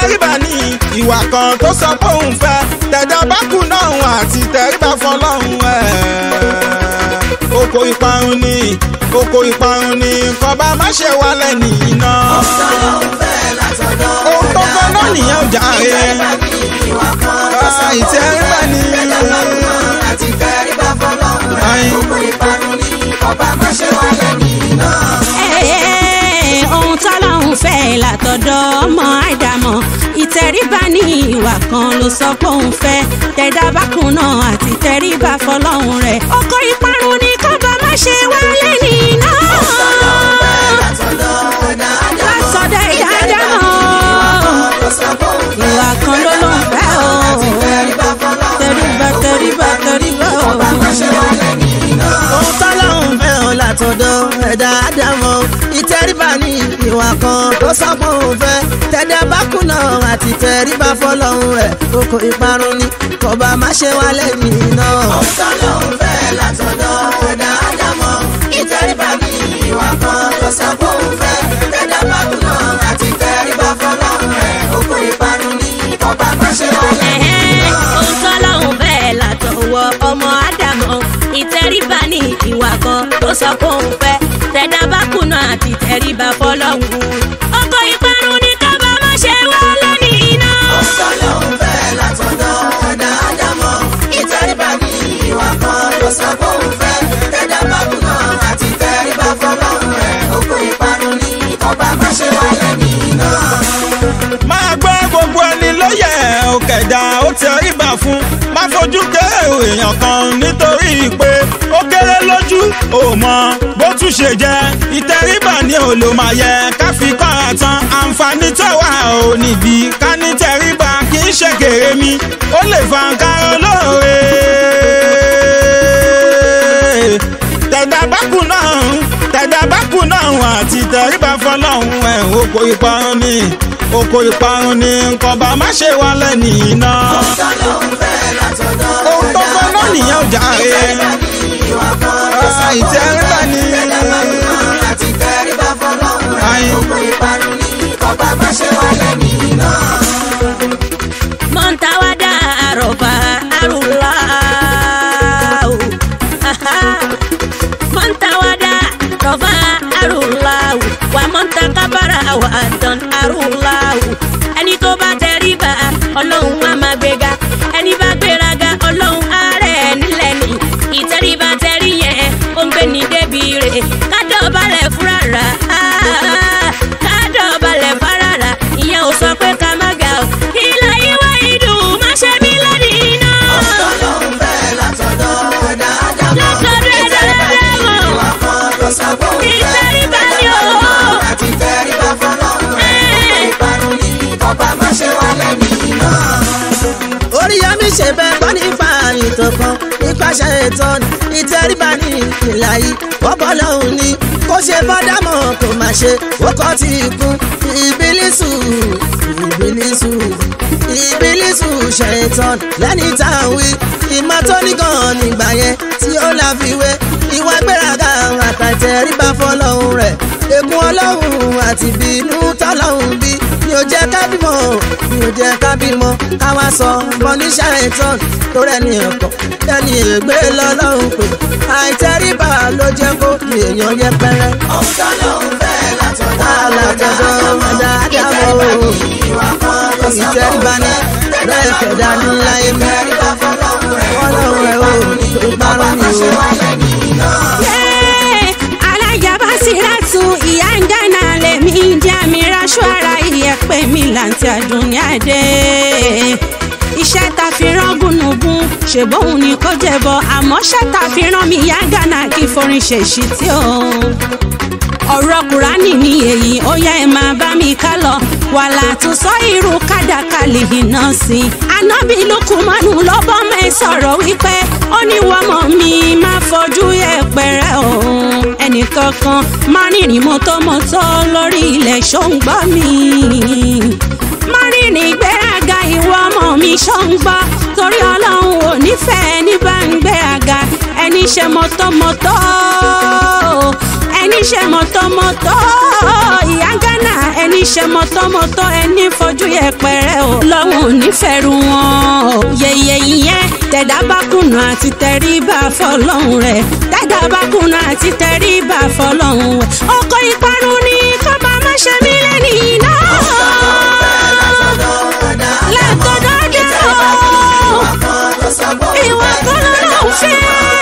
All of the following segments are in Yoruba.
tẹríba ní ìwà kan tó sọ pé òun fẹ́ tẹ̀dá bákù náà àti tẹríba fọlọ́run ẹ̀. oko ìparun ni oko ìparun ni nǹkan bá má ṣe wálẹ̀ nìyí náà. ọ̀sán ló ń fẹ́ látọ̀dọ̀ ẹ̀dá. ohun tó fẹ́ náà nìyẹn ọjà rẹ̀. ìtẹríba ní ìwà kan tó sọ pé òun fẹ́ tẹ̀dá bákù náà àti tẹríba fọlọ́run ẹ̀. oko ìparun ni nǹkan bá má ṣe wálẹ̀ nìyí náà. ohun tá fẹ́ látọ̀dọ̀ ọmọ àìdàmọ̀ ìtẹríba ní ìwà kan ló sọ pé òun fẹ́ tẹ̀dá bákun náà àti tẹríba fọlọ́run rẹ̀ ọkọ̀ ìparun ni kọ́ba má ṣe wálé nìyíná. ọ̀sọ̀dọ̀ ọ̀gbẹ́ látọ̀dọ̀ ẹ̀dá àdàmọ̀ ìwà kan ló ló ń fẹ́ o tẹríba tẹríba tẹríba o àtọ̀dọ̀ ẹ̀dá àdàmọ̀ ìtẹríba ní ìwà kan tó sọ́kùn òun fẹ́ tẹ́dẹ́ bá kùnà àti tẹríba fọlọ́hún ẹ̀ kókó ìparun ni kọba má ṣe wá lẹ́yìn náà. ọ̀sán lòun fẹ́ látọ̀dọ̀ ẹ̀dá àdàmọ̀ ìtẹríba ní ìwà kan tó sọ́kùn òun fẹ́ tẹ́dẹ́ bá kùnà àti tẹríba fọlọ́hún ẹ̀ kókó ìparun ni kọba má ṣe wá lẹ́yìn náà. ìtẹríba ní ìwà kan tó sọ pé òun fẹ́ tẹ̀dá bá kùnà àti tẹríba fọlọ́hún. ọkọ̀ ìparun ni ká bá má ṣe wá lẹ́ni iná. ó sọ lóun fẹ́ látọ̀dọ̀ ọ̀dà ádámọ̀ ìtẹríba ní ìwà kan tó sọ pé òun fẹ́ tẹ̀dá bá kùnà àti tẹríba fọlọ́hún rẹ̀ ọkọ̀ ìparun ni kó bá má ṣe wá lẹ́ni iná. máa gbọ́ gbogbo ẹni lóye òkèdà ó tẹríba fún má fojú kẹ́ èèyàn kan nítorí pé ó kéré lójú ò mọ bó tún ṣe jẹ ìtẹríba ni ò lò máa yẹ ká fi kọ́ àtàn àǹfààní tó wà ò níbi ká ní tẹríba kì í ṣe kéré mi ó lè fa nǹkan olóore. tẹ̀dá bákù náà tẹ̀dá bákù náà àti tẹríba fọlọ́hún ẹ̀ ń kó ipa ní oko ìparun ni nǹkan bá má ṣe wá lẹ́nu iná. ohun tó fẹ́ náà nìyẹn ọjà rẹ̀. ìtẹ́ríba ni. ni nǹkan bá má ṣe wá lẹ́nu iná. mọ̀ntàwádà àròfà àrùnlá. wà mọ̀ntàkábàrà wà dá. não há ṣe ìtọ́ni ìtẹríba ní ìpìlẹ̀ ayé ọbọ̀ lọ́hùn ni kó ṣe bọ́dámọ̀ kò má ṣe ó kọ́ ti kú ìbílísù ìbílísù ìbílísù ṣẹ̀tàn lẹ́ni tá à ń wí ìmọ̀ tó ní gan-an nígbà yẹn tí ó la fi wé ìwà gbéraga àtàtẹ̀ ríbá fọlọ́hún rẹ̀ ègún ọlọ́hún àti ìbínú tọ́lọ́hún bí mi ò jẹ́ ká bímọ mi ò jẹ́ ká bímọ káwa sọ ọmọ ní ṣẹ̀tàn tó rẹni ẹ̀kọ́ lẹ́ni ègbé lọ́lọ́hún pé àìtẹríba ló jẹ́ kó èèyàn yẹpẹrẹ. ọ̀hún tọ́lọ́hún fẹ́ alágbàdo dáadáa o ìtẹríba ni bẹ́ẹ̀ kẹ̀dá ní láyé mi ọlọ́run ẹ̀ o tó bá rán mi o. alájàbá sí látún ìyá ń dáná lèmi ń jẹ́ mi ráṣọ ara ìyẹ̀pẹ̀ mi láǹtí àdùn ní àdé iṣẹ́ ta fi rán gúnugún ṣèbóhun ni kò jẹ̀bọ àmọ́ ṣẹ́ ta fi rán mi yá gánà kí forin ṣèṣì tí òun ọ̀rọ̀ kùránì ni èyí ó yá ẹ máa bá mi ká lọ wàhálà tó sọ irú kádàkálì iná sí i. ànábì lukumanu lọ́bọ́ mẹ́ sọ̀rọ̀ wípé ó ní wọ́mọ mi máa fojú yẹpẹrẹ òun ẹnìkankan máa rìnrìn mọ́tọ́mọ́tọ́ lórí ilẹ̀ ṣó mi máa rìnrìn ìgbéraga ìwọ ọmọ mi ṣó ń gbọ́ torí ọlọ́run ò nífẹ̀ẹ́ ní bá ń gbé àga ẹni ṣe mọ́tọ́mọ́tọ́ ẹni ṣe mọ̀tọ́mọ̀tọ́ ìyá Ghana ẹni ṣe mọ̀tọ́mọ̀tọ́ ẹni fojú yẹpẹrẹ o lọ́hùn nífẹ̀ẹ́rù wọn o yẹyẹ ìyẹn tẹ̀dá bá kùnà àti tẹríba fọlọ́hùn rẹ̀ tẹ̀dá bá kùnà àti tẹríba fọlọ́hùn rẹ̀ ọkọ̀ ìparun ni kọ́ máa má ṣe mí lẹ́nu iná. látọ̀dọ̀ dẹ́ o ìwà kan ló ń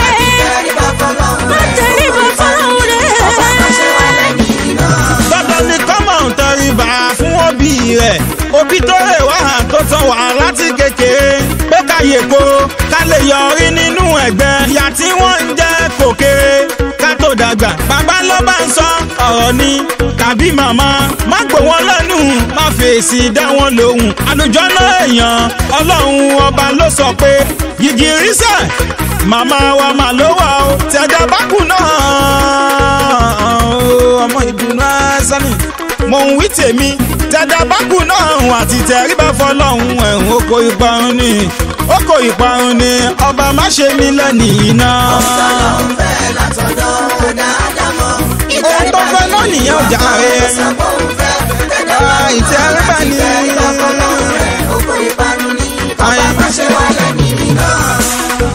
lẹ́yìn rẹ̀ òbí tó rè wá hàn tó san wà láti kékeré pé káyè po ká lè yọrí nínú ẹ̀gbẹ́ ìyà tí wọ́n ń jẹ kò kéré ká tó dàgbà bàbá ló bá ń sọ ọ̀rọ̀ ni tàbí màmá má gbò wọ́n lẹ́nu má fèsì dá wọn lóhùn àlùjọ náà èèyàn ọlọ́run ọba ló sọ pé yìgì rísẹ̀ màmá wa mà ló wà ó tẹ̀dá bákù náà ọmọ ìdùnnú ẹ̀ sẹ́mi mò ń wí tèmi dada bákù náà hùn àti tẹríba fọlọ́hún ẹ̀hún oko ìparun ni oko ìparun ni ọba má ṣe mí lẹ́nu iná. ọ̀sán ló ń fẹ́ látọ̀dọ̀ ọ̀dà àdámọ̀ ìtẹríba fọlọ́hún nìyẹn ọjà rẹ̀ ọ̀sán ló ń fẹ́ ìtẹríba ni ìtẹríba fọlọ́hún ẹ̀ oko ìparun ni ọba má ṣe wà lẹ́nu iná.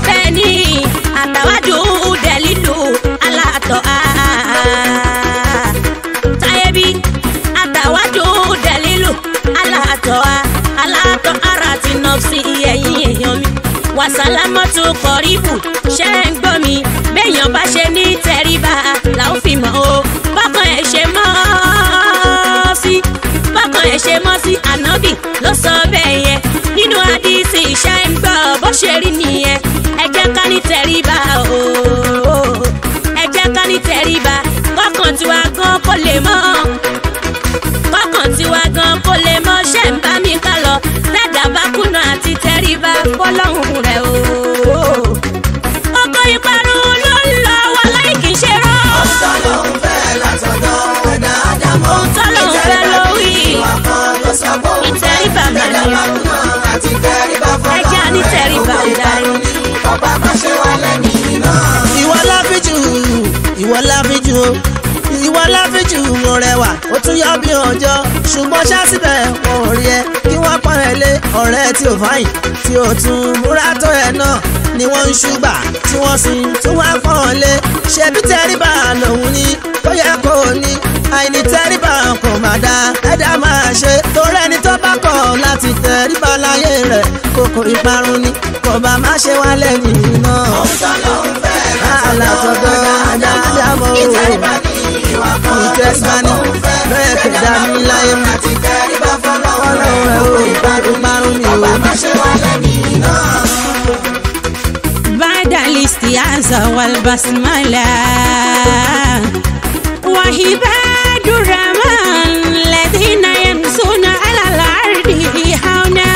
bẹ́ẹ̀ni àtàwádùn dẹlílù alátọ a. sí ẹ̀yìn èèyàn mi wàsálámọ́tò kọ̀rífù ṣe ń gbọ́ mi béèyàn bá ṣe ní tẹríba là ó fi mọ̀ o bákan ẹ̀ ṣe mọ́ sí bákan ẹ̀ ṣe mọ́ sí ànábì ló sọ bẹ́ẹ̀ yẹn nínú àdìsí ṣe ń gbọ́ bó ṣe rí nìyẹn ẹ jẹ́ ká ní tẹríba o ẹ jẹ́ ká ní tẹríba kọ́kàn tiwa gan kó lè mọ́ kọ́kàn tiwa gan kó lè mọ́ ṣe ń bá mi ká lọ ti tẹríba fọlọ́hún rẹ̀ o. ọkọ̀ ìparun ló ń lọ wá láì kìí ṣe rọ́. ọ̀sán ló ń fẹ́ lásọ̀tọ̀ ẹ̀dá àjàmọ́. ọ̀sán ló ń fẹ́ lówì. ìwà kan ló sọ pé òun fẹ́ ìtẹríba rẹwà ó tún yọ bí ọjọ́ ṣùgbọ́n ṣá síbẹ̀ wọn ò rí ẹ kí wọ́n pọ́n ẹ lé ọ̀rẹ́ tí ò fáyìn tí ò tún múra tó ẹ náà ni wọ́n ń ṣùgbà tí wọ́n sì tún wá pọ́n ọ lé ṣebí tẹríba lòun ni ó yẹ kó o ní àìní tẹríba kò má dá ẹ̀dá máa ṣe torí ẹni tó bá kọ̀ láti tẹríba láyé rẹ̀ kòkò ìparun ni kò bá má ṣe wá lẹ́yìn náà. ó sọ lóun fẹ́ẹ́ lọ́sọ̀rọ̀ dáadáa ìtẹríba ni ìtẹ̀síwájú bẹ́ẹ̀ kẹ̀dá ní láyé mi. بعد الاستعاذة والبسملة وعباد الرحمن الذين يمسون على الأرض هنا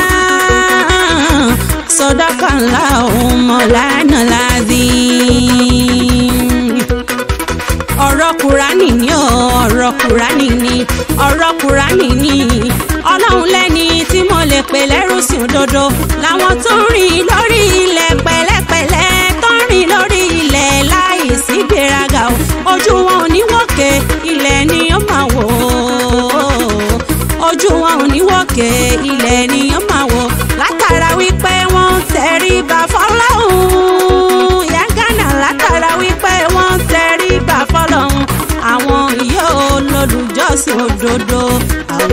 صدق الله مولانا العظيم ọ̀rọ̀ kùránì ni o ọ̀rọ̀ kùránì ni ọ̀rọ̀ kùránì ni ọlọ́run lẹ́ni tí mo lè pè lẹ́rú sí òdodo làwọn tó ń rìn lórí ilẹ̀ pẹ̀lẹ́pẹ̀lẹ́ tó ń rìn lórí ilẹ̀ láì sí gbéraga o ojú wọn ò ní wọ́kẹ́ ilẹ̀ ni ó máa wò ojú wọn ò ní wọ́kẹ́ ilẹ̀ ni ó máa wò.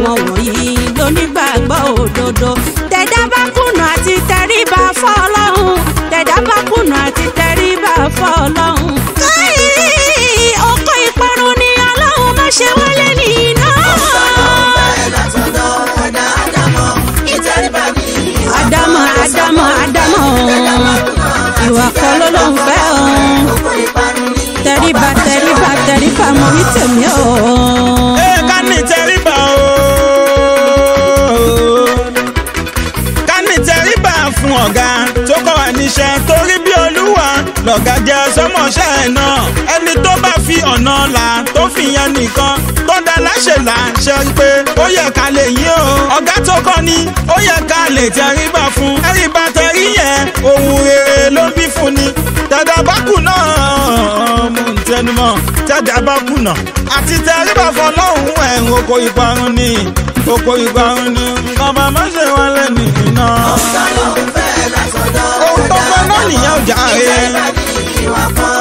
àwọn wọ̀nyí lónígbàgbọ́ òdodo tẹ̀dá bá kùnà àti tẹríba fọ́lọ́hún tẹ̀dá bá kùnà àti tẹríba fọ́lọ́hún. káyìí ọkọ̀ ìparun ni ọlọ́run má ṣe wálé ní iná. àdámọ̀ àdámọ̀ àdámọ̀ ìwà kan ló ló ń fẹ́ o tẹríba tẹríba tẹríba mo ní tèmi o. iṣẹ́ ẹ̀ náà ẹni tó bá fi ọ̀nà là tó fìyẹn nìkan tó dá láṣẹ là ṣe ń pé ó yẹ ká lè yí o ọ̀gá tó kọ́ ni ó yẹ ká lè tẹríba fún ẹ̀ríba tẹrí yẹn ohun rere ló bí fún ni tẹ̀dá bá kùnà mo ń tẹnumọ́ tẹ̀dá bá kùnà àti tẹríba fọlọ́hún ẹ̀ ń oko ìparun ni oko ìparun ni nǹkan bá má ṣe wọn lẹ́nu iná. ọ̀sán ló ń fẹ́ látọ̀dọ̀ ọ̀dà ọ̀dà ọ̀dà ìjọba ní ìwà kan.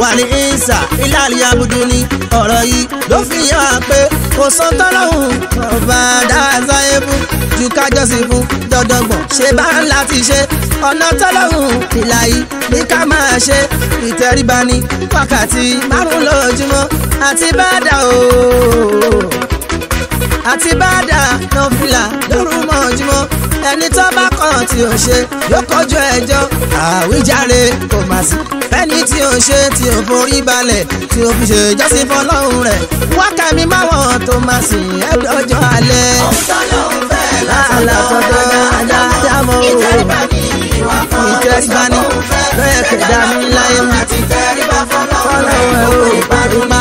wà ní ìsà ìlàlí abudu ni ọ̀rọ̀ yìí ló fi yé wa pé kò sọ tọ́lọ́hùn ọba dáadáa ebú ju kájọ sí fún dọ́dọ́gbọ̀n ṣe bá ń láti ṣe ọ̀nà tọ́lọ́hùn ìlà yìí ní ká máa ṣe ìtẹríba ní wákàtí márùn lójúmọ́ àti bàdà ooo àti bàdà nọfìlà lóru mọ́júmọ́ ẹni tó bá kàn tí ò ṣe yóò kọjú ẹjọ́ àwíjàre kò má sí fẹ́ni tí ò ṣe tí ò borí balẹ̀ tí ò fi ṣe jọ́sìn fọlọ́run rẹ̀ wákà mi máwọn tó máa sìn ẹ́ lọ́jọ́ alẹ́. ọ̀sán lòun fẹ́ látọ̀dọ̀ dáadáa mọ́ o ìtẹríba ni lọ́yẹ̀kẹ̀dá mi láyé mi fọlọ́run ẹ̀ o ìbádùn bá.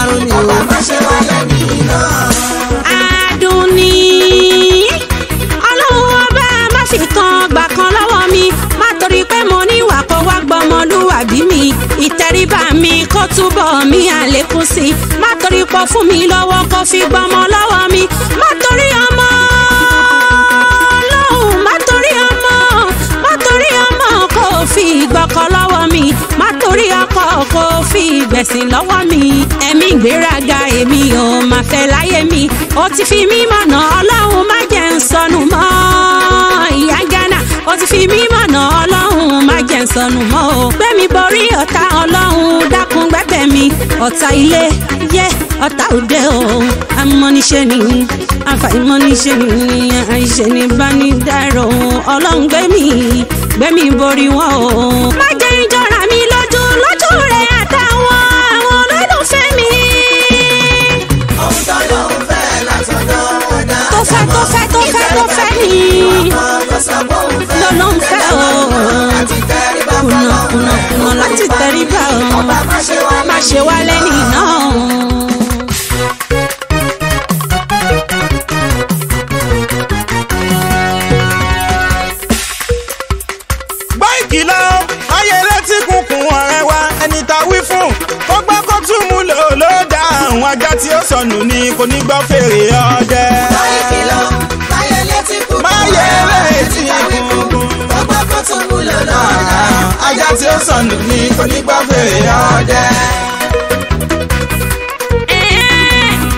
ọmọlúwàbí mi ìtẹríba mi kó túbọ̀ mi àlékún sí i má torí pọ̀ fún mi lọ́wọ́ kó fi gbọ́mọ lọ́wọ́ mi má torí ọmọ lọ́hùn má torí ọmọ má torí ọmọ kó fi gbọ́kọ lọ́wọ́ mi má torí ọkọ kó fi gbẹ̀sìn lọ́wọ́ mi ẹ̀mí gbéraga èmi ò máa fẹ́ láyé mi ó ti fi mí mọ̀nà ọlọ́run má jẹ́ sọnù mọ́ ìyá gẹ́ ó ti fi mí mọ̀nà ọlọ́run má jẹ́ n sọnù mọ́ o gbẹ̀mí borí ọ̀tá ọlọ́run dákun gbẹ̀gbẹ̀ mi ọ̀tá ilé yẹ ọ̀tá òde o amọ́niṣẹ́ ni àfàìmọ́niṣẹ́ ni àìṣe ni bá ní dárò ọlọ́run gbẹ̀mí gbẹ̀mí borí wọn o. má jẹ́ ìjọra mi lójú lójú rẹ̀ àtàwọn àwọn olólùfẹ́ mi. ohun tó lóun fẹ́ látọ̀dọ̀ ọ̀dà àtàwọn ìfẹ́ ló fẹ́ mi. tó sọ tọ́lọ́ ń fẹ́ o. kùnà kùnà kùnà láti tẹríba o. má ṣe wá lẹ́ni náà o. báyìí lọ ayé létí kùnkùn ọ̀rẹ́ wa ẹni tá a wí fún kó gbọ́ kó tún mú lò ló dá àwọn ajá tí ó sọnù ní kò ní gbọ́ fèrè ọdẹ. báyìí lọ ayé létí kùnkùn ọ̀rẹ́ wa ẹni tá a wí fún kó tún mú lọ lọ́la. ajá tí ó sọnù ní onígbàfẹ́ ọdẹ.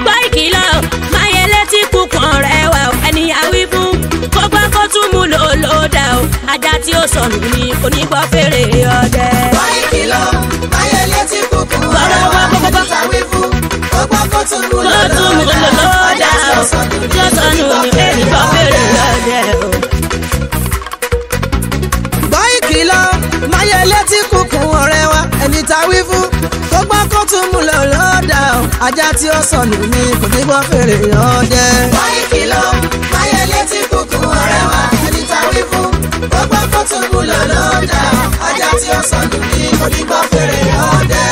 gbọ́ ìkìlọ̀ máyẹlé tí kúkan rẹ̀ wà ẹni àwí fún kó gbọ́ kó tún mú lọ lọ́dà o ajá tí ó sọnù ní onígbàfẹ́ ọdẹ. gbọ́ ìkìlọ̀ máyẹlé tí kúkan rẹ̀ wà ẹni àwí fún kó gbọ́ kó tún mú lọ lọ́dà tí ó sọnù ní onígbàfẹ́ ọdẹ. máyẹlé tí kùkùn ọ̀rẹ́ wa ẹni ta wí fún tó gbọ́ kó tún mú lọ lọ́ọ̀dà o ajá tí ó sọnù ni kò ní gbọ́ fèrè ọdẹ. wọ́n ìkìlọ̀ máyẹlé tí kùkùn ọ̀rẹ́ wa ẹni ta wí fún tó gbọ́ kó tún mú lọ lọ́ọ̀dà o ajá tí ó sọnù ni kò ní gbọ́ fèrè ọdẹ.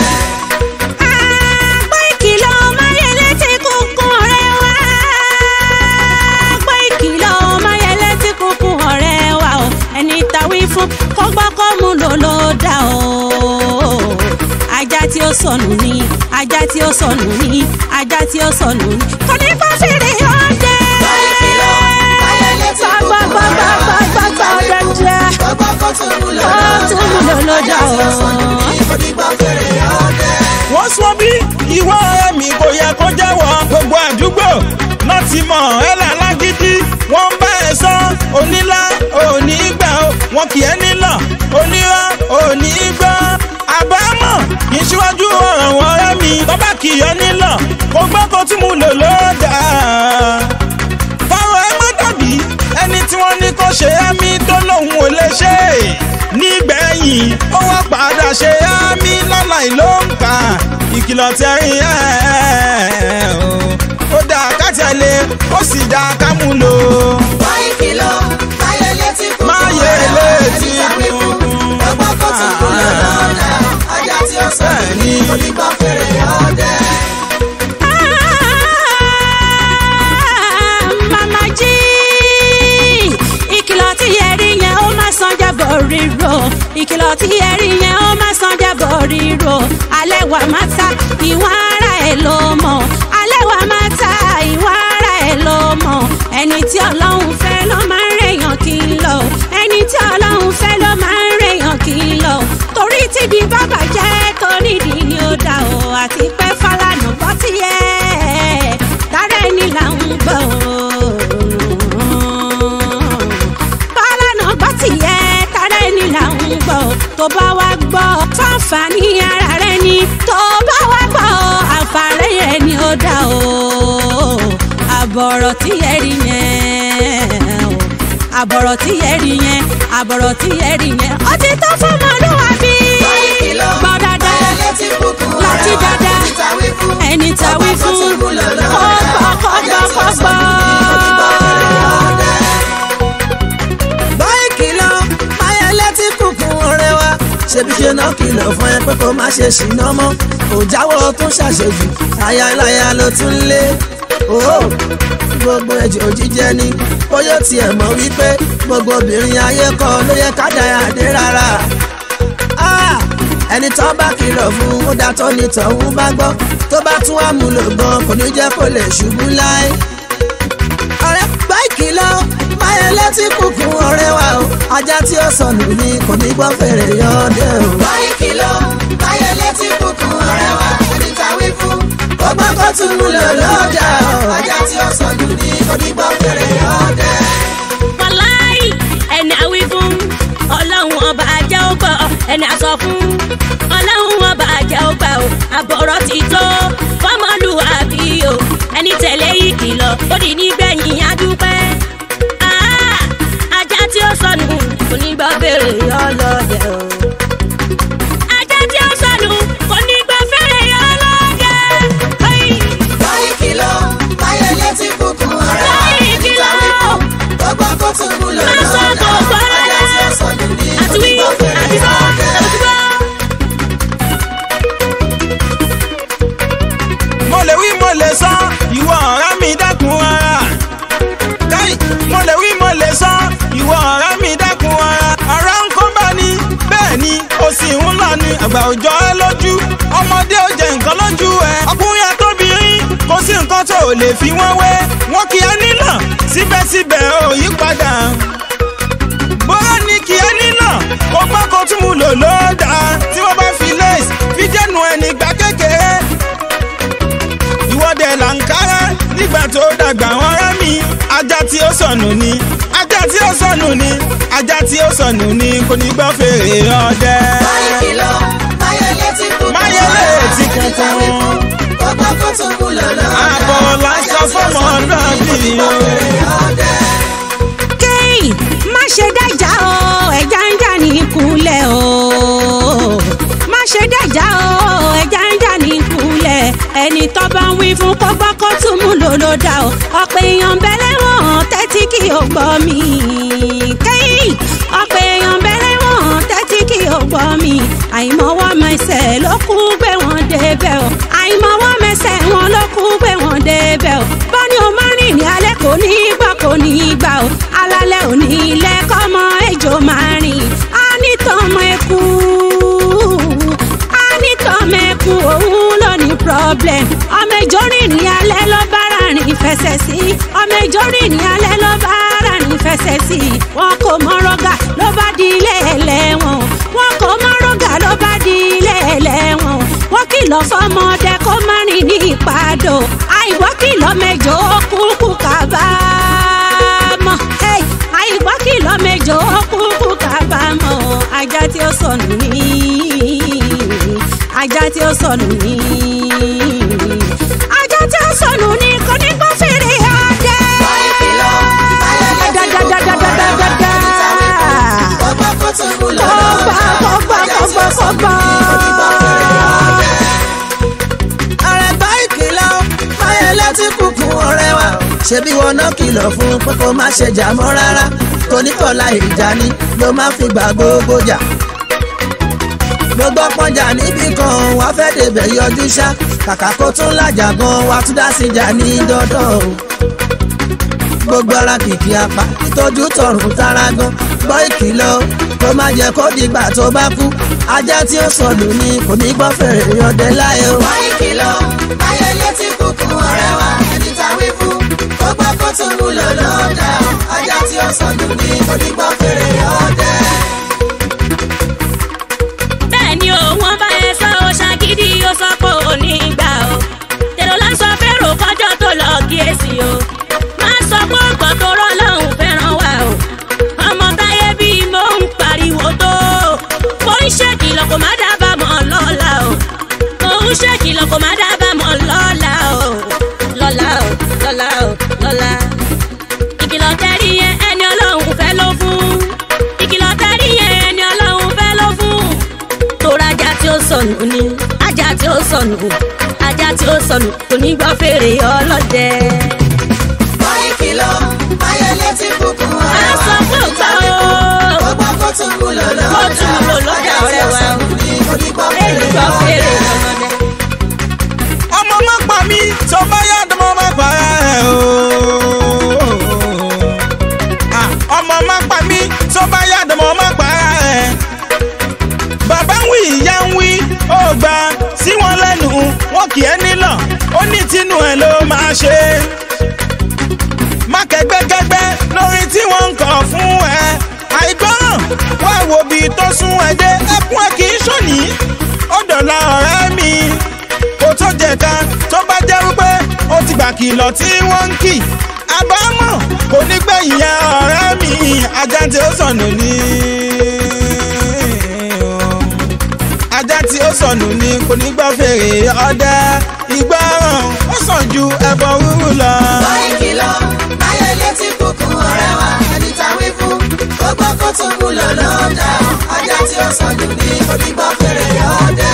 kọ́gbọ́n kọ́ mu tí ó sọnù ni ajá tí ó sọnù ni ajá tí ó sọnù ni kò ní fèrè ọ̀dẹ. kìlọ̀ tẹ́rí ẹ̀ ó dáa ká tẹ̀lé ó sì dáa ká mú lò. wọ́n ìkìlọ̀ máyẹlé tí kò kún ẹ̀rọ ẹ̀rí sáré fún ọgbọ́n kó tún kún lọ́nà ọjà tí ó sọ ní onígbọ́ fèrè ríro ìkìlọ̀ tí ẹ rí yẹn ó má san jábọ̀ ríro alẹ́ wà má ta ìwà ara ẹ̀ ló alẹ́ wà má ta ìwà ara ẹ̀ ló ẹni tí ọlọ́ àǹfààní ara ni tó bá wá gbọ́ àǹfààní o àbọ̀rọ̀ tí yẹ rí yẹn àbọ̀rọ̀ tí yẹ rí yẹn àbọ̀rọ̀ tí yẹ rí yẹn ó ti tọ́ fọmọ lúwàbí. bọ́ dáadáa láti kúkú ẹni tàwí fún ọba tó kú lọ́lọ́ ṣebí ṣe náà kìlọ̀ fún ẹ pé kó má ṣe ṣìnà mọ́ kò jáwọ́ tún ṣàṣejù ayaláya ló tún lé gbogbo ẹjọ́ jíjẹ ni bóyá tiẹ̀ mọ̀ wípé gbogbo obìnrin ayé kọ́ ló yẹ ká dáyà dé rárá ẹni tó bá kìlọ̀ fún ó dá tó ní tọ̀hún bá gbọ́ tó bá tún àmúlò gan kò ní jẹ́ kó lè ṣubú láé báyẹn létí kùkù ọ̀rẹ́ wa o ajá tí ó sọnù ni kò ní gbọ́ fèrè yọ̀ọ́dẹ o. báyìí kìlọ̀ báyẹn létí kùkù ọ̀rẹ́ wa oníta wí fún ọgbọ́n kó tún mú lò lọ́dà o ajá tí ó sọnù ni kò ní gbọ́ fèrè yọ̀ọ́dẹ. wàláì ẹni àwí fún ọlọ́run ọba ajá ó gbọ́ ẹni àsọ fún ọlọ́run ọba ajá ó gbà ó àbọ̀rọ̀ ti tó fọ́mọlúwàbí o ẹni tẹ̀lé ìkìlọ̀ ó dì nígbẹ̀yìn adúpẹ́. onígbàbèrè ọlọ́dẹ o. ọdẹ. máyèlé ti kú máyèlé ti kú tó kú lọ́lọ́. àbọ̀ lásán fọmọ náà bí o. kéyì má ṣe dájà o ẹja ń dà ní ìkúlẹ̀ o má ṣe dájà o ẹja ń dà ní ìkúlẹ̀ ẹni tó bá ń wí fún kókó kó tó mú lòlódà o ọ̀pẹ̀ èèyàn bẹ́lẹ̀ wọ̀n tẹ́tí kí o gbọ́ mi. for me àìmọwọ́ mẹsẹ̀ ló kú gbé wọn débẹ̀ o àìmọwọ́ mẹsẹ̀ wọn ló kú gbé wọn débẹ̀ o bọ́ni o máa rìn ní alẹ́ kò ní gbọ́ kò ní gbà o alalẹ́ ò ní ilẹ̀ kọ́mọ ejò máa rìn á ní tọmọ ẹkú á ní tọmọ ẹkú òun ló ní problem ọmọ ejò rìn ní alẹ́ ló bára rìn fẹsẹ̀ sí ọmọ ejò rìn ní alẹ́ ló bára rìn fẹsẹ̀ sí wọn kò mọ rọgà ló bá di ilé ẹlẹ́. kìlọ̀ sọ́mọdé kó má rìn ní ìpàdó àìgbọ́ kìlọ̀ mẹ́jọ kúkú kábàámọ̀ àìgbọ́ kìlọ̀ mẹ́jọ kúkú kábàámọ̀ ajá tí ó sọnù ní ajá tí ó sọnù ní ajá tí ó sọnù ní kò ní gbọ́ fèrè adé. dáadáa. kọ́gbà kọ́gbà kọ́gbà kọ́gbà. ṣebí wọn náà kìlọ̀ fún pẹ́kọ́ má ṣe jà mọ́ rárá tóníkọ̀ọ́lá ìjà ni ló máa fi gbà gbogbo jà gbogbo pọ́njà níbí kan wá fẹ́ débẹ̀ yọjú ṣá kàkà kó tún làjà gan wá tún dá sí jà ní dandan o gbogbo ara kìkì apá ìtọ́jú tọrùn tara gan gbọ́ ìkìlọ̀ kó má jẹ́ kó dìgbà tó bá kú ajá tí ó sọnù ni kò ní gbọ́ fèrè yọdẹ láyé o. gbọ́ ìkìlọ̀ ayẹyẹ ti kúkú ọ̀rẹ́ wa tún mú lọ lọ́dà ajá tí ó sọnù ní onígbọ́fẹ̀rẹ̀. kìlọ̀ tí wọ́n ń kì àbámọ̀ kò ní gbẹ̀yìn ọ̀rẹ́ mi ajá tí ó sọnù ni ajá tí ó sọnù ni kò ní gbọ́ fèrè ọdẹ ìgbọràn ó sàn ju ẹbọ rúrú lọ. báyìí kìlọ̀ báyọ̀ létí kùkù ọ̀rẹ́ wa ẹni ta wí fún gbogbo kó tún kú lọ lọ́dà ajá tí ó sọnù ni kò ní gbọ́ fèrè ọdẹ.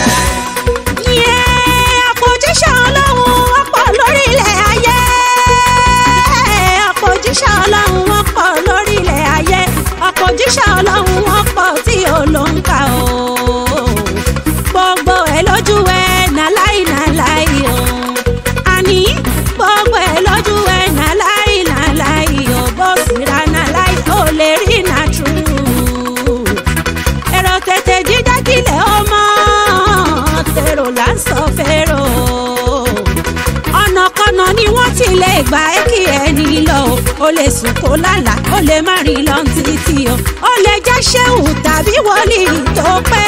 lè sùn kó lálàá ó lè má rí lọ títí o ó lè jẹ́ ṣéhùn tàbí wòlíì tó pé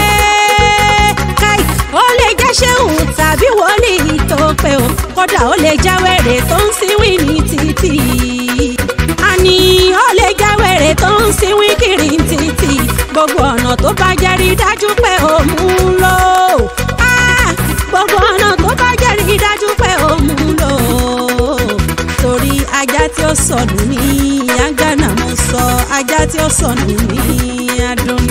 ó lè jẹ́ ṣéhùn tàbí wòlíì tó pé o kódà ó lè jẹ́ wèrè tó ń sinwi ní títì àní ó lè jẹ́ wèrè tó ń sinwi kiri títì gbogbo ọ̀nà tó bá jẹ́ rí dájú pé. ó sọnù ní agánà mo sọ ajá tí ó sọnù ní adùn.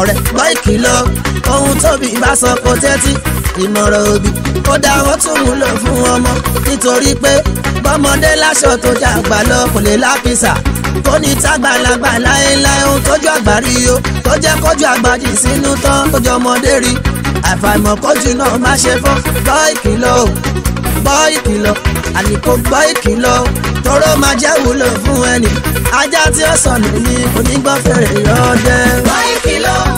ọ̀rẹ́ gbọ́ ìkìlọ̀ ohun tóbi bá sọ kò tẹ́tí ìmọ̀ràn òbí ó dá wọn tún wúlò fún ọmọ nítorí pé bọ́mọdé láṣọ tó jẹ́ àgbà lọ kò lè lápísà tó ní tágbàlagbà láéláé ohun tójú àgbà rí o tó jẹ́ kójú àgbà jì sínú tán tó jọ ọmọdé rí àfàìmọ̀ kójú náà má ṣe fọ́ gbọ́ ìkìlọ̀ gbọ́ ìkìlọ̀ àlìkò gbọ́ ìkìlọ̀ tóró máa jẹ́ wúlò fún ẹnì ajá tí ó sọnù ní gbọ́ fèrè yọ̀ọ́dẹ́. gbọ́ ìkìlọ̀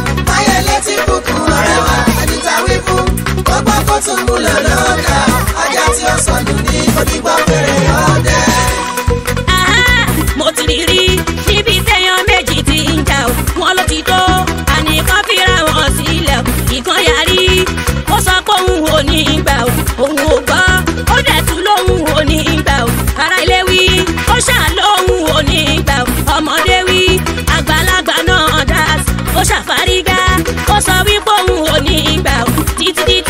kó tún múlẹ̀ lọ́dà ajá tí ó sọnù ní onígbà fèrè ọdẹ. mo ti rí rí níbi téèyàn méjì ti ń jà ó wọn ló ti tó ànìkan fira wọn sílẹ̀ ìkan yarí ó sọ pé òun ò ní gbà ó òun ò gbọ́ ó dẹ̀ tún lóun ò ní gbà ó ara ilé wí ó ṣáà lóun ò ní gbà ó ọmọdé wí àgbàlagbà náà dá ó ṣàfárígá ó sọ wípé òun ò ní gbà ó títí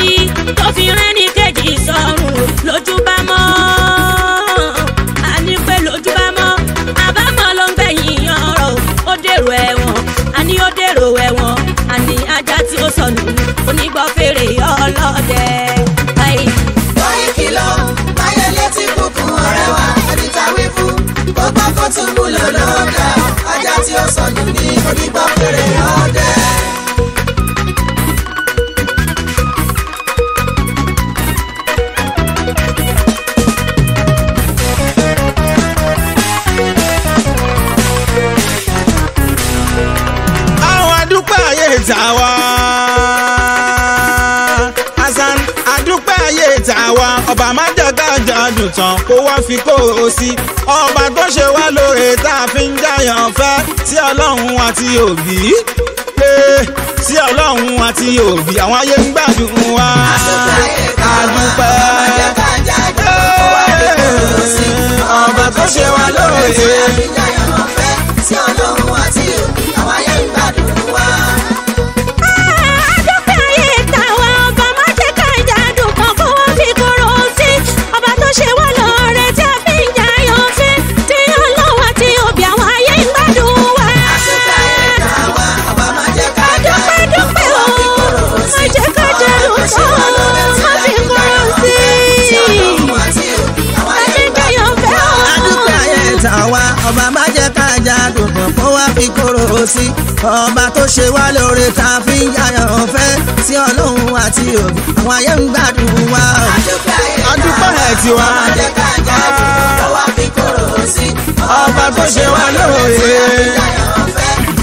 lọ ẹ̀wọ̀n àní ajá tí ó sọnù onígbọ́ fèrè ọlọ́dẹ. lórí kìlọ̀ máyọ̀lé tí kùkù ọ̀rẹ́ wa ẹ̀díta wí fún gbogbo fọ́tún mú ajá tí ó sọnù ní onígbọ́ fèrè ọlọ́dẹ. àgùntàn kó wá fi kó o sí. ọba tó ṣe wá lóore tá a fi ń jàyàn fẹ́ sí ọlọ́run àti òbí sí ọlọ́run àti òbí àwọn ayé ń gbádùn wa àdúpẹ́. ọba tó ṣe wá lóore tá a fi ń jàyàn fẹ́ sí ọlọ́run àti òbí. ọba tó ṣe wá lóore ta a fi ń yayọ̀ ọ̀fẹ́ sí ọlọ́run àti òbí àwọn ayé ń gbádùn wa. adúpọ̀ ẹ̀ tí wá. ọmọdé ká jà jù lọ́wọ́ fi kóró sí. ọba tó ṣe wá lóore.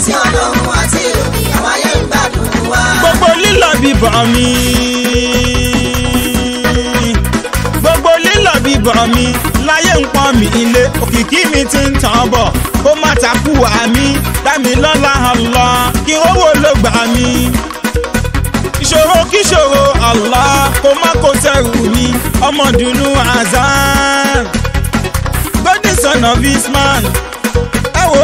sí ọlọ́run àti òbí àwọn ayé ń gbádùn wa. gbogbo lílọ bíbọ̀ mi. gbogbo lílọ bíbọ̀ mi ọmọ mi ilé òkìkí mi ti ń tàn bọ̀ ó má takú àmì dámilọ́lá Allah kí owó ló gbà mí. ìṣòro kíṣòro Allah kó má kó tẹrù mi ọmọ dùnú azan golden son of isman ẹ wo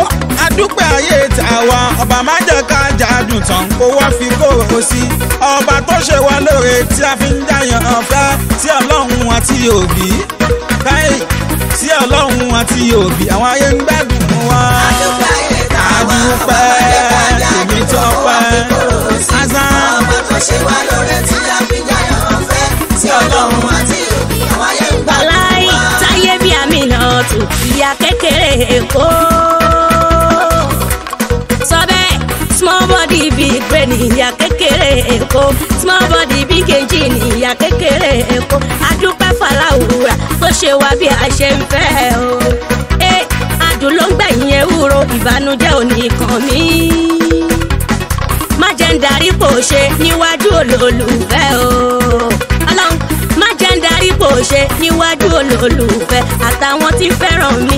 dúpẹ́ ayé tàwa ọba má jẹ́ ká jádùn tán kó wá fi kóró sí ọba tó ṣe wá lóore tí a fi ń jàyàn ọ̀fẹ́ sí ọlọ́run àti òbí káyì sí ọlọ́run àti òbí àwọn ayé ń gbádùn wá. àdúpẹ́ ayé tàwa ọba táyé bí àmì náà tù ìyá kékeré èkó. nìyà kékeré èkó small body bíkejì nìyà kékeré èkó adúpẹ́ fàlàwùrà tó ṣe wá bí a ṣe ń fẹ́ o. ẹ adùn ló ń gbẹ̀yìn ewúro ìbànújẹ́ ò ní kàn mí. má jẹ́ ń darí kò ṣe níwájú olólùfẹ́ o. má jẹ́ ń darí kò ṣe níwájú olólùfẹ́ àtàwọn tí fẹ́ràn mi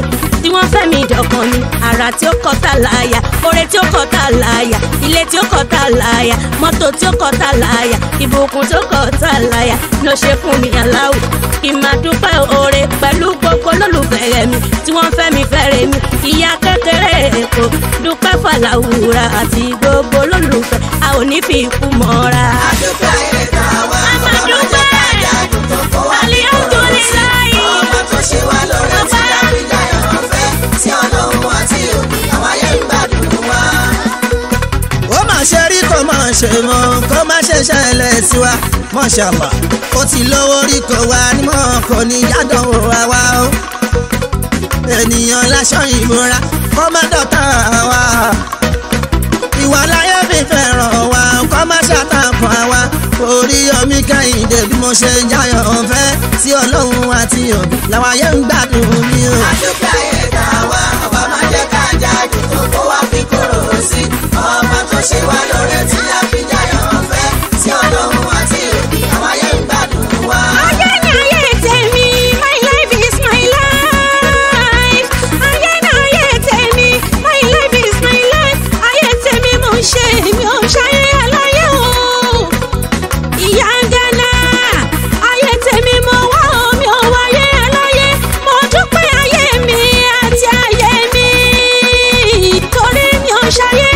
bàtà tí ó kọ́ta láyà oore tí ó kọ́ta láyà ilé tí ó kọ́ta láyà mọ́tò tí ó kọ́ta láyà ìbùkún tó kọ́ta láyà ló ṣe fún mi aláwọ̀ kì oore pẹ̀lú gbogbo olólùfẹ́ mi tí wọ́n fẹ́ mi fẹ́rẹ̀ mi ìyá kékeré èkó dúpẹ́ fàlàwùrà àti gbogbo olólùfẹ́ a ò ní fi ikú mọ́ra. a dúpẹ́ ṣe mọ́ kó má ṣe ṣẹlẹ̀ sí wa mọ́ṣàlá ó ti lówó rí kò wá nímọ̀ kò ní yádọ̀wò àwa o ènìyàn láṣọ ìmúra kó má dọ̀tá àwa ìwà láyé fi fẹ́ràn wa kó má ṣàtàkùn wa orí omi kẹ́hìndé bí mo ṣe jayọ̀ ọ̀fẹ́ sí ọlọ́run àti òbí làwọn ayé ń gbádùn mi o. àdúgbò ayé ta wa ọba máa jẹ́ ká jáde tó kó wa bí kòrò sí ọba tó ṣe wá lóore tí a 傻夜。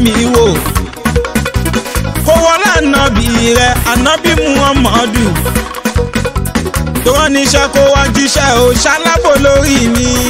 mi wò kó wọlé ànábì rẹ ànábì Muhammadu tó wọ́n níṣẹ́ kó wá jíṣẹ́ ò ṣálábò lórí mi.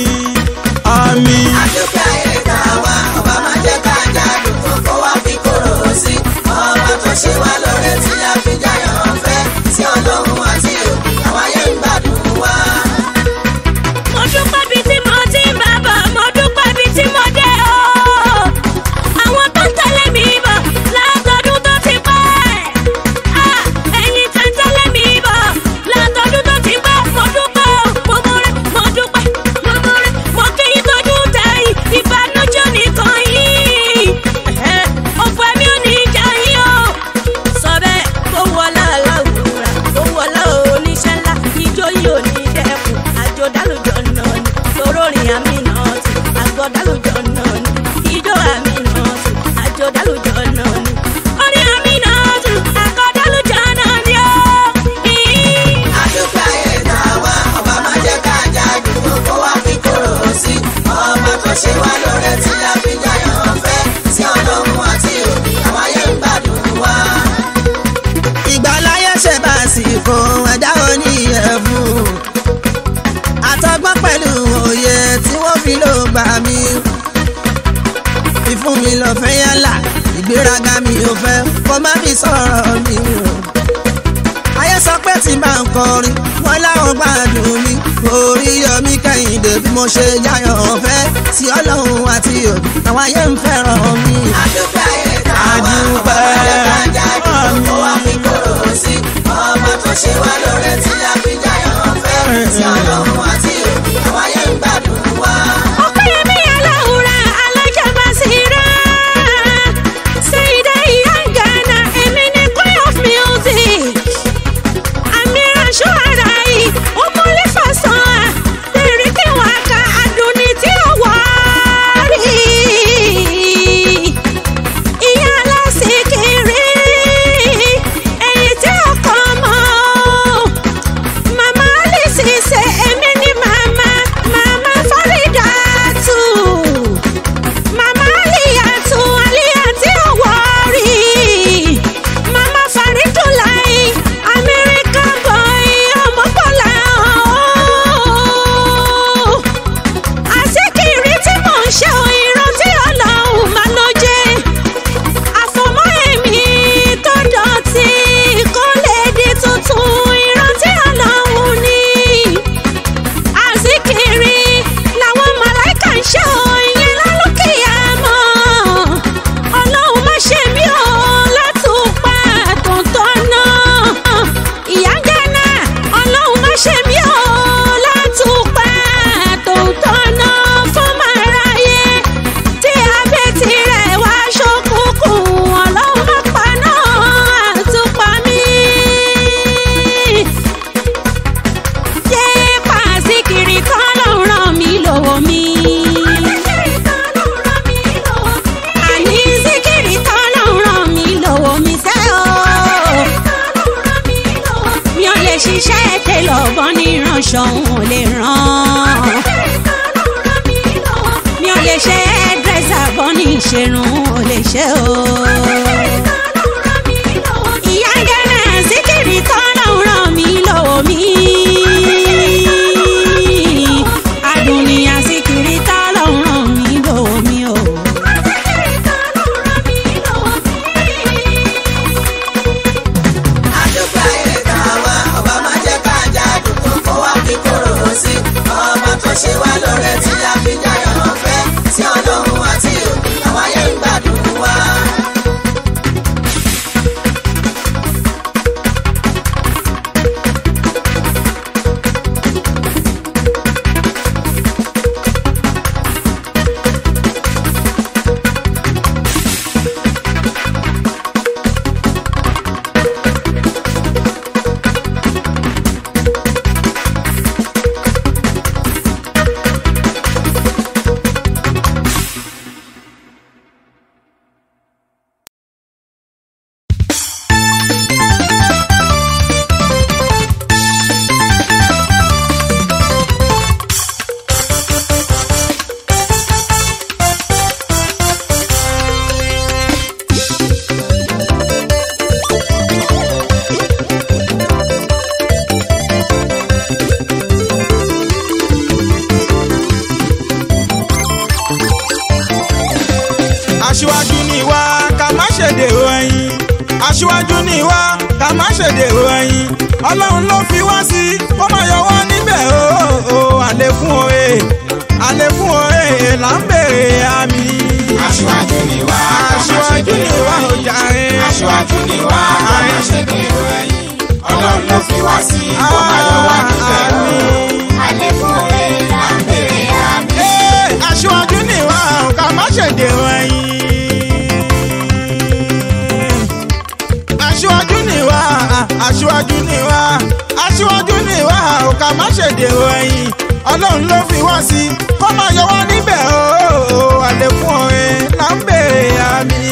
mo ṣe jayọ̀ ọ̀fẹ́ sí ọlọ́run àti òbí àwọn ayé ń fẹ́ràn mi. àdùkọ ò lè ràn. mi ò lè ṣe dírẹ́sà bọ́ ní ìṣerun ò lè ṣe o. ká má ṣèdèrò ẹ̀yìn ọlọ́run ló fi wá sí kó má yọ wá níbẹ̀ o àlékún òye àlékún òye là ń béèrè àmì. aṣíwájú ni wá aṣíwájú ni wá ojàre aṣíwájú ni wá ká má ṣèdèrò ẹ̀yìn ọlọ́run ló fi wá sí kó má yọ wá níbẹ̀ o. aṣíwájú ni wá aṣíwájú ni wá ò ká má ṣèdèrò ẹ̀yìn ọlọ́run ló fi wá sí kó má yọ wá níbẹ̀ o àlékún ọ̀rẹ́ là ń bèrè àmì.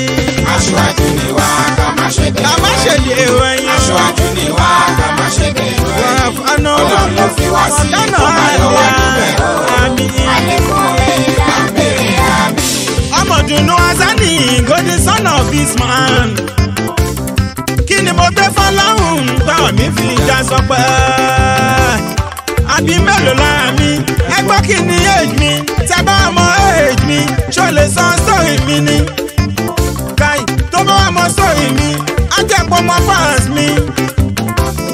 aṣíwájú ni wá ká má ṣèdèrò ẹ̀yìn ká má ṣèdèrò ẹ̀yìn aṣíwájú ni wá ká má ṣèdèrò ẹ̀yìn ọlọ́run ló fi wá sí kó má yọ wá níbẹ̀ o àlékún ọ̀rẹ́ là ń bèrè àmì. ọmọdùnú azani golden son of this man ni mo gbé fọlọ́hún táwọn mi fi já sọpẹ́. àbí mélòó lára mi ẹgbẹ́ kí ni èjì mi tẹ́ bá ọmọ èjì mi ṣó lè sọ sórí mi ni. káì tó bá ọmọ sórí mi á jẹ́ pọ́ mọ́ fans mi.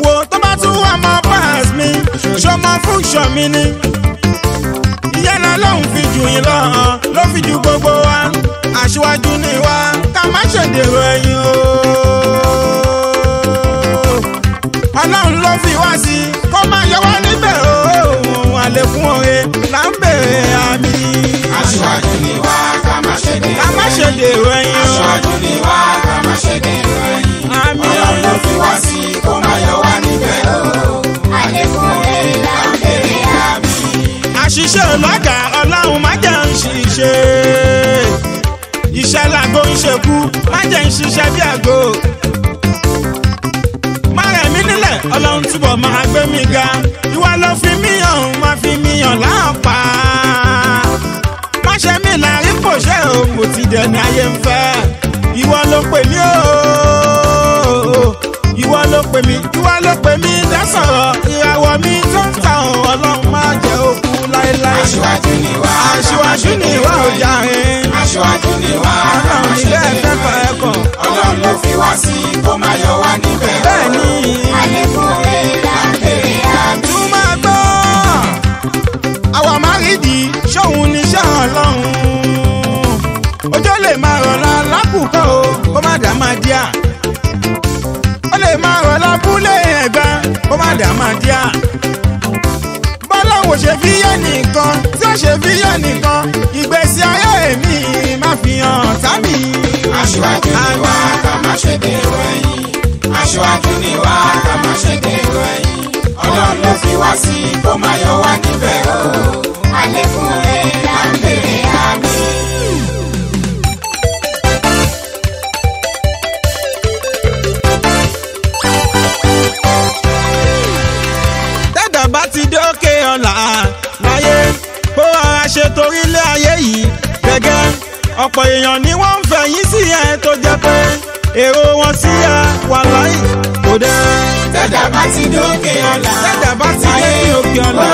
wo tó bá tún wà mọ́ fans mi ṣó mọ fúnṣọ mi ni. ìyẹn náà lòun fi jù yín lọ ló fi ju gbogbo wa aṣíwájú ni wa ká má ṣèdèrò ẹ̀yìn. dèrò ẹ̀yìn o. aṣáájú ni wá ká má ṣe dèrò ẹ̀yìn. àmín ọlọ́run ló fi wá sí kó má yọ wá níbẹ̀ o. àlékún rẹ̀ là ń bèrè àmì. àṣìṣe ọlọ́gà ọlọ́run má jẹ́ ń ṣiṣẹ́. iṣẹ́ làgbo ń ṣekú má jẹ́ ń ṣiṣẹ́ bí àgbo. má rẹ̀ mí nílẹ̀ ọlọ́run túbọ̀ máa gbé mi ga. ìwà ló fi mí hàn má fi mí hàn láǹpa o mo ti dẹni ayé ń fẹ́ ìwọ ló pè mí o ìwọ ló pè mí ìwọ ló pè mí dásọ̀rọ̀ ìràwọ̀ mi tó ń ta ọ̀ ọlọ́run máa jẹ́ òkú láéláé. aṣíwájú ni wá aṣíwájú ni wá ọjà rẹ̀. E. aṣíwájú ni wá ọlọ́run ilé ẹ̀fẹ́fẹ́ ẹ̀kọ́. ọlọ́run ló fi wá sí kó má yọ wá níbẹ̀. bẹ́ẹ̀ni àlékún rẹ̀ lábẹ́rẹ́ àmì. tún máa gbọ́ àwọn máa rí di ṣóun níṣẹ́ ọlọ́run. kọ́ o kó má dà má díà. ó lè máa rọ̀ lábúlé ẹ̀gbá kó má dà má díà. bọ́láwo ṣe fi yẹ nìkan tí ó ṣe fi yẹ nìkan ìgbésí ayé èmi má fi hàn sámi. aṣíwájú ni wàá kà má. ọ̀pọ̀ èèyàn ni wọ́n ń fẹ̀yìn sí ẹ tó jẹ́ pé èrò wọn sí ẹ wà láì kò dé. tẹ́jà bá ti dókè ọ̀la. tẹ́jà bá ti dé ọ̀la.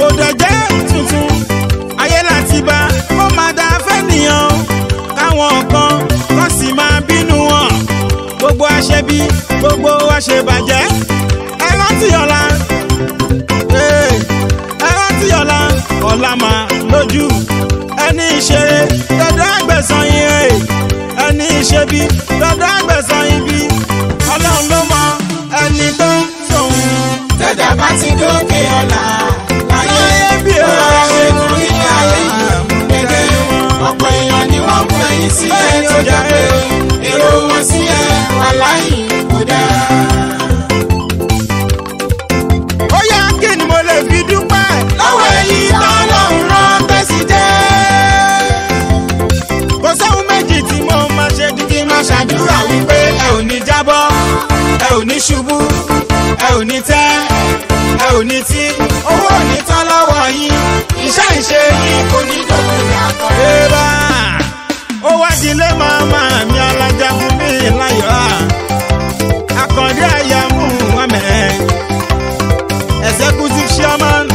kò dọ̀jẹ́ tuntun ayé láti bá kó máa da fẹ́nìyàn káwọn kan kọ́ sì máa bínú wọn gbogbo aṣebi gbogbo aṣebàjẹ́ ẹ rántí ọ̀la eh, ẹ rántí ọ̀la ọ̀la máa lójú ẹni ìṣeré dọ́dọ́ àgbẹ̀sán yìí eh. ẹni ìṣebí dọ́dọ́ àgbẹ̀sán yìí bí ọlọ́run ló mọ ẹni tó ń tòun. bá ti dókè ọ̀la. sí ẹ tó dáre èrò wọn sí ẹ wà láyé kó dáa. ó yá kí ni mo lè fi dúpẹ́ lọ́wọ́ èyí tọ́lọ́run rán ẹ ò ní jábọ́ ẹ ò ní tí owó ò ní tán lọ́wọ́ yín. ó wá dilé màmá mi alájà fún mi láyọ̀ á àkàndé àyà mú amẹ́ executive chairman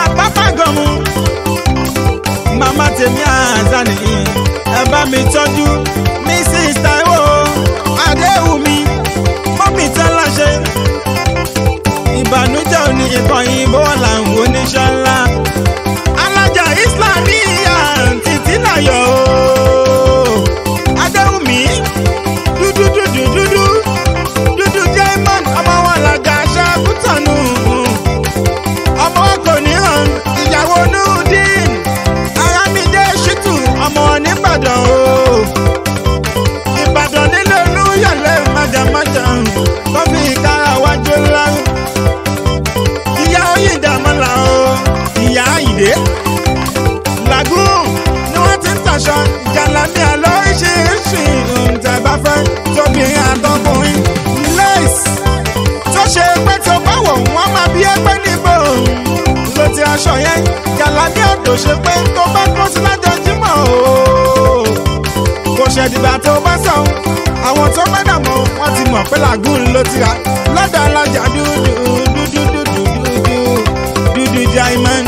àpápágọ́mù màmá tèmi àzàní ẹ bá mi tọ́jú mrs taiwo adéwùmí mọ́mí tẹ́láṣẹ ìbànújẹ́ òní ìkànnì bọ́ọ̀là òníṣẹ́. Onudin Aramide Shitu ọmọ nìbàdàn o Ìbàdàn nílò olúyọ̀lẹ̀ májàmájà tó fi kára wájú ńlá ìyá Oyinda Amala o ìyá Ayinde Lagoon ni wọ́n ti ń tàṣọ jàlábíà lóríṣiríṣi ǹtẹ̀ bá fẹ́ tóbi àtọkùnrin lace tó ṣe pé tó bá wọ̀ wọ́n máa bí ẹgbẹ́ níbo aṣọ yẹn jàlábí odò ṣe pé tó bá kó sí lájọ jímọ̀ o kò ṣèdìgbà tó bá sọ àwọn tó gbẹdà mọ wọn ti mọ̀ pé làgùn ló ti ra lọ́dọ̀ alájà dúdú dúdú dúdú dúdú dúdú jẹ ìmọ̀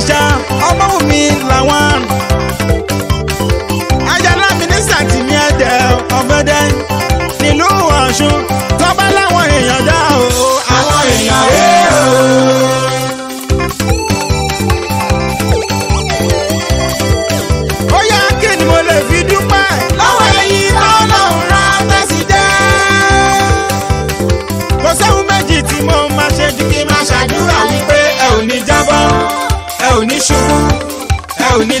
Àdìsá Ọmọ́wùmí làwọn. Ayọ̀lá mínísítà ti ní ẹ̀dẹ̀ ọ̀fẹ́dẹ́ nílùú Ọ̀ṣun tọ́ba láwọn èèyàn dá o.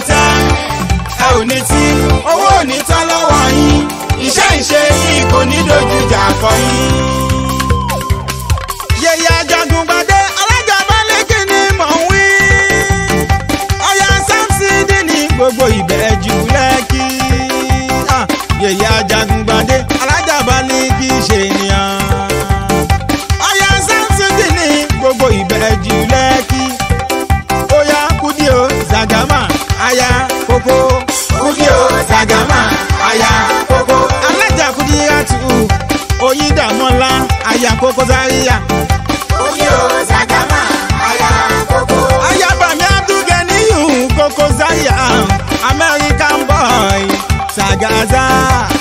ní tán ẹ ò ní tí owó ò ní tán lọ́wọ́ yín iṣẹ́ ìṣe yìí kò ní dojú ìjà kọ yín. yẹyẹ ajagun gbadé alájà balẹ̀ kí ni mò ń wí. ọ̀yà sáfsìdì ní gbogbo yìí. koko Zaria. Oye o Sakama, aya koko. American boy, Sagaza.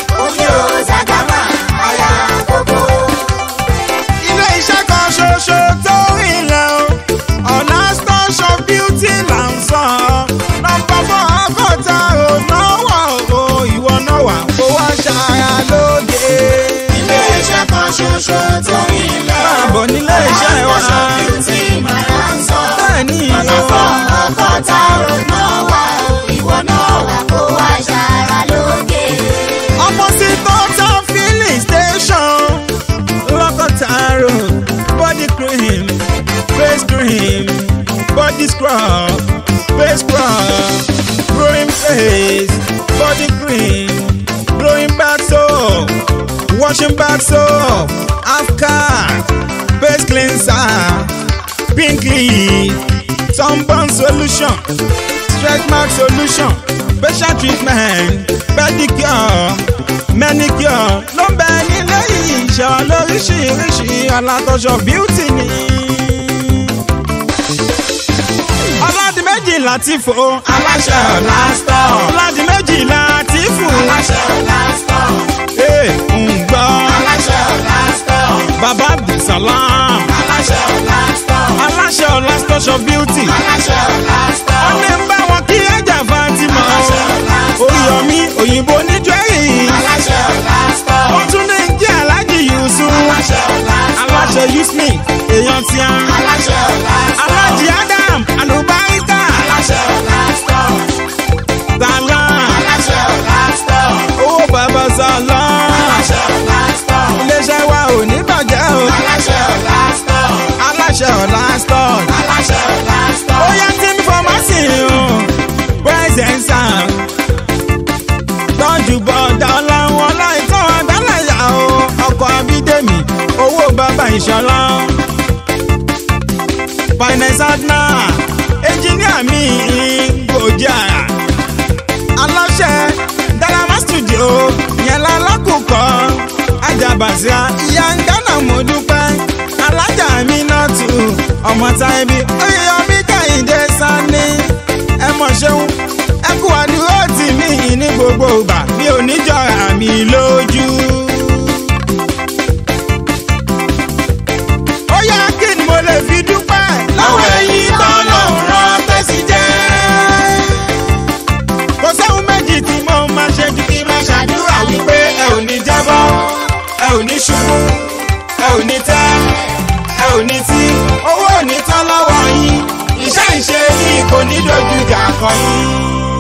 face crop, face crop, growing face, body cream, blowing back soap, washing back soap, Afka, face cleanser, pink leaf, sunburn solution, stretch mark solution, facial treatment, pedicure, manicure, No ló ń bẹ nílé she. ìṣọ́ lóríṣiríṣi alátọ́jọ́ beauty ni. méjì látìfù. aláṣẹ ọ̀la stọ̀. láti méjì látìfù. aláṣẹ ọ̀la stọ̀. ee eh, ń gbọ́. aláṣẹ ọ̀la Baba, bàbá abdulsalam. aláṣẹ ọ̀la stọ̀. aláṣẹ ọ̀la stọ̀ shop beauty. aláṣẹ ọ̀la stọ̀. ó ní bá wọn kí ẹja fatima. aláṣẹ ọ̀la stọ̀. orí ọmí òyìnbó ní ṣùgbọ́n dọ́là wọn láì tán àdálà yà ó ọkọ̀ abídèmí owó bàbá ìṣọlá. finance adnan engineer mi gòjà aláṣẹ dalama studio yẹn lálákùkọ ajabàṣà ìyá ń gánà mo dúpẹ́ alájà mi náà tù ọmọ táyé bí oyè ọmí kàyíndé sanni ẹ mọ̀ ṣeun ẹ kú àdúrà mi ní gbogbo ìgbà mi ò ní jọra mi lójú. ó yá kí ni mo lè fi dúpẹ́ lọ́wọ́ ẹ̀yin tọ́lọ́run rán tẹ́sí jẹ́. kò sẹ́hun méjì tí mo máa ṣe ju kí n máa ṣàdúrà wípé ẹ ò ní jábọ́ ẹ ò ní ṣubú ẹ ò ní tẹ́ ẹ ò ní tí owó ò ní tán lọ́wọ́ yín iṣẹ́ ìṣe yìí kò ní dojú ìjà kan yín.